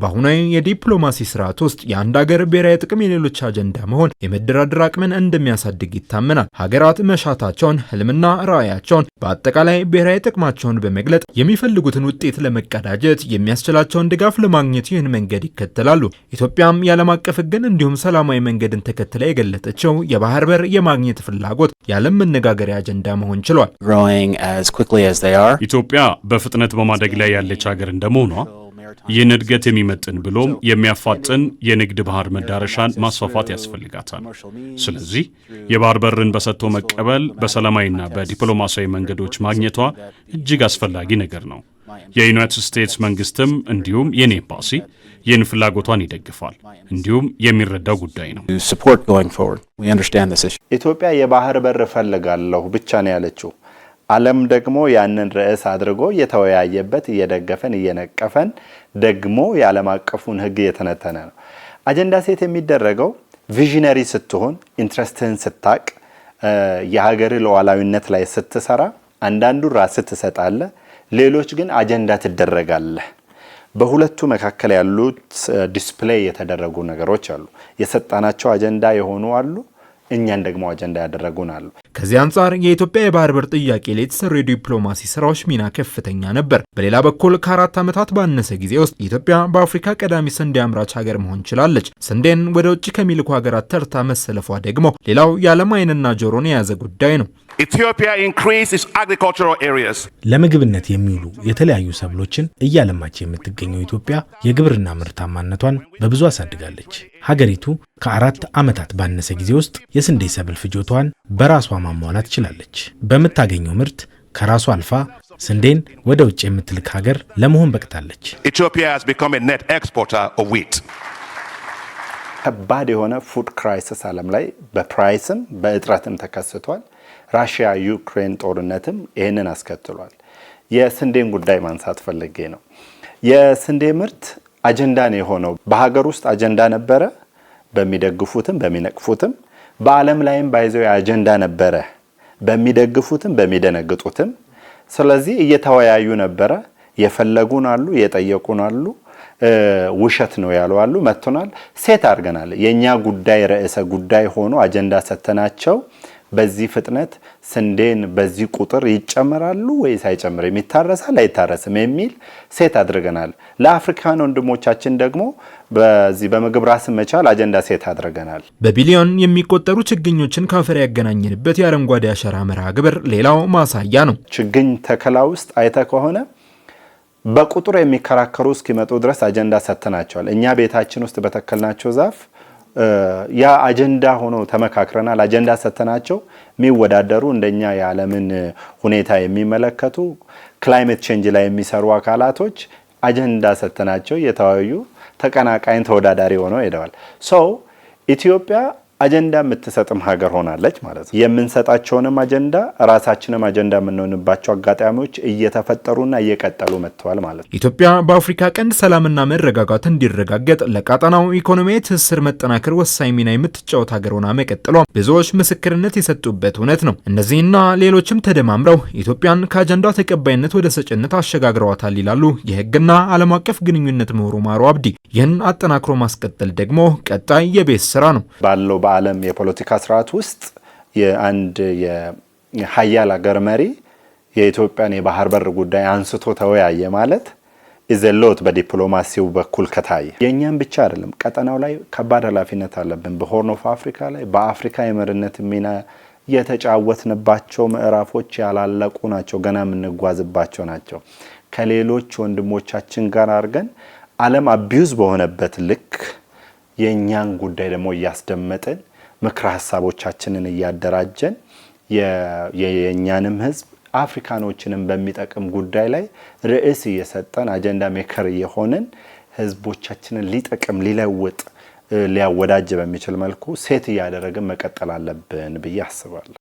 በአሁናዊ የዲፕሎማሲ ስርዓት ውስጥ የአንድ ሀገር ብሔራዊ ጥቅም የሌሎች አጀንዳ መሆን የመደራደር አቅምን እንደሚያሳድግ ይታመናል። ሀገራት መሻታቸውን፣ ህልምና ራዕያቸውን በአጠቃላይ ብሔራዊ ጥቅማቸውን በመግለጥ የሚፈልጉትን ውጤት ለመቀዳጀት የሚያስችላቸውን ድጋፍ ለማግኘት ይህን መንገድ ይከተላሉ። ኢትዮጵያም የዓለም አቀፍ ህግን እንዲሁም ሰላማዊ መንገድን ተከትላ የገለጠችው የባህር በር የማግኘት ፍላጎት የዓለም መነጋገሪያ አጀንዳ መሆን ችሏል። ኢትዮጵያ በፍጥነት በማደግ ላይ ያለች ሀገር እንደመሆኗ ይህን እድገት የሚመጥን ብሎም የሚያፋጥን የንግድ ባህር መዳረሻን ማስፋፋት ያስፈልጋታል። ስለዚህ የባህር በርን በሰጥቶ መቀበል በሰላማዊና በዲፕሎማሲያዊ መንገዶች ማግኘቷ እጅግ አስፈላጊ ነገር ነው። የዩናይትድ ስቴትስ መንግስትም እንዲሁም የኔ ኤምባሲ ይህን ፍላጎቷን ይደግፋል፣ እንዲሁም የሚረዳው ጉዳይ ነው። ኢትዮጵያ የባህር በር እፈልጋለሁ ብቻ ነው ያለችው። ዓለም ደግሞ ያንን ርዕስ አድርጎ እየተወያየበት እየደገፈን እየነቀፈን ደግሞ የዓለም አቀፉን ሕግ እየተነተነ ነው። አጀንዳ ሴት የሚደረገው ቪዥነሪ ስትሆን፣ ኢንትረስትህን ስታቅ፣ የሀገር ሉዓላዊነት ላይ ስትሰራ፣ አንዳንዱ ራስ ትሰጣለ ሌሎች ግን አጀንዳ ትደረጋለህ። በሁለቱ መካከል ያሉት ዲስፕሌይ የተደረጉ ነገሮች አሉ። የሰጣናቸው አጀንዳ የሆኑ አሉ እኛን ደግሞ አጀንዳ ያደረጉን አሉ። ከዚህ አንጻር የኢትዮጵያ የባህር በር ጥያቄ ላይ የተሰሩ የዲፕሎማሲ ስራዎች ሚና ከፍተኛ ነበር። በሌላ በኩል ከአራት ዓመታት ባነሰ ጊዜ ውስጥ ኢትዮጵያ በአፍሪካ ቀዳሚ ስንዴ አምራች ሀገር መሆን ችላለች። ስንዴን ወደ ውጭ ከሚልኩ ሀገራት ተርታ መሰለፏ ደግሞ ሌላው የዓለም አይንና ጆሮን የያዘ ጉዳይ ነው። ለምግብነት የሚውሉ የተለያዩ ሰብሎችን እያለማች የምትገኘው ኢትዮጵያ የግብርና ምርታማነቷን በብዙ አሳድጋለች። ሀገሪቱ ከአራት ዓመታት ባነሰ ጊዜ ውስጥ የስንዴ ሰብል ፍጆቷን በራሷ ማሟላት ችላለች። በምታገኘው ምርት ከራሷ አልፋ ስንዴን ወደ ውጭ የምትልክ ሀገር ለመሆን በቅታለች። ከባድ የሆነ ፉድ ክራይሲስ ዓለም ላይ በፕራይስም በእጥረትም ተከስቷል። ራሽያ ዩክሬን ጦርነትም ይህንን አስከትሏል። የስንዴን ጉዳይ ማንሳት ፈልጌ ነው። የስንዴ ምርት አጀንዳ ነው የሆነው። በሀገር ውስጥ አጀንዳ ነበረ፣ በሚደግፉትም በሚነቅፉትም በዓለም ላይም ባይዘው አጀንዳ ነበረ፣ በሚደግፉትም በሚደነግጡትም። ስለዚህ እየተወያዩ ነበረ። የፈለጉን አሉ፣ የጠየቁን አሉ፣ ውሸት ነው ያሉ አሉ። መጥቶናል፣ ሴት አድርገናል። የእኛ ጉዳይ ርዕሰ ጉዳይ ሆኖ አጀንዳ ሰተናቸው በዚህ ፍጥነት ስንዴን በዚህ ቁጥር ይጨመራሉ ወይስ አይጨምርም፣ ይታረሳል አይታረስም የሚል ሴት አድርገናል። ለአፍሪካን ወንድሞቻችን ደግሞ በዚህ በምግብ ራስን መቻል አጀንዳ ሴት አድርገናል። በቢሊዮን የሚቆጠሩ ችግኞችን ከአፈር ያገናኝንበት የአረንጓዴ አሻራ መርሃ ግብር ሌላው ማሳያ ነው። ችግኝ ተከላ ውስጥ አይተ ከሆነ በቁጥር የሚከራከሩ እስኪመጡ ድረስ አጀንዳ ሰጥተናቸዋል። እኛ ቤታችን ውስጥ በተከልናቸው ዛፍ ያ አጀንዳ ሆኖ ተመካክረናል። አጀንዳ ሰተናቸው የሚወዳደሩ እንደኛ የዓለምን ሁኔታ የሚመለከቱ ክላይሜት ቼንጅ ላይ የሚሰሩ አካላቶች አጀንዳ ሰተናቸው የተወያዩ ተቀናቃኝ ተወዳዳሪ ሆነው ሄደዋል። ሰው ኢትዮጵያ አጀንዳ የምትሰጥም ሀገር ሆናለች ማለት ነው። የምንሰጣቸውንም አጀንዳ ራሳችንም አጀንዳ የምንሆንባቸው አጋጣሚዎች እየተፈጠሩና እየቀጠሉ መጥተዋል ማለት ነው። ኢትዮጵያ በአፍሪካ ቀንድ ሰላምና መረጋጋት እንዲረጋገጥ ለቃጠናው ኢኮኖሚያዊ ትስስር መጠናከር ወሳኝ ሚና የምትጫወት ሀገር ሆና መቀጠሏ ብዙዎች ምስክርነት የሰጡበት እውነት ነው። እነዚህና ሌሎችም ተደማምረው ኢትዮጵያን ከአጀንዳ ተቀባይነት ወደ ሰጭነት አሸጋግረዋታል ይላሉ የህግና ዓለም አቀፍ ግንኙነት ምሁሩ ማሮ አብዲ። ይህን አጠናክሮ ማስቀጠል ደግሞ ቀጣይ የቤት ስራ ነው ባለው በዓለም የፖለቲካ ስርዓት ውስጥ የአንድ የሀያል አገር መሪ የኢትዮጵያን የባህር በር ጉዳይ አንስቶ ተወያየ ማለት ኢዘሎት በዲፕሎማሲው በኩል ከታየ የእኛም ብቻ አይደለም፣ ቀጠናው ላይ ከባድ ኃላፊነት አለብን። በሆርን ኦፍ አፍሪካ ላይ በአፍሪካ የመሪነት ሚና የተጫወትንባቸው ምዕራፎች ያላለቁ ናቸው፣ ገና የምንጓዝባቸው ናቸው። ከሌሎች ወንድሞቻችን ጋር አድርገን ዓለም አቢዩዝ በሆነበት ልክ የእኛን ጉዳይ ደግሞ እያስደመጥን ምክረ ሀሳቦቻችንን እያደራጀን የእኛንም ህዝብ አፍሪካኖችንም በሚጠቅም ጉዳይ ላይ ርዕስ እየሰጠን አጀንዳ ሜከር እየሆንን ህዝቦቻችንን ሊጠቅም ሊለውጥ ሊያወዳጅ በሚችል መልኩ ሴት እያደረግን መቀጠል አለብን ብዬ አስባለሁ።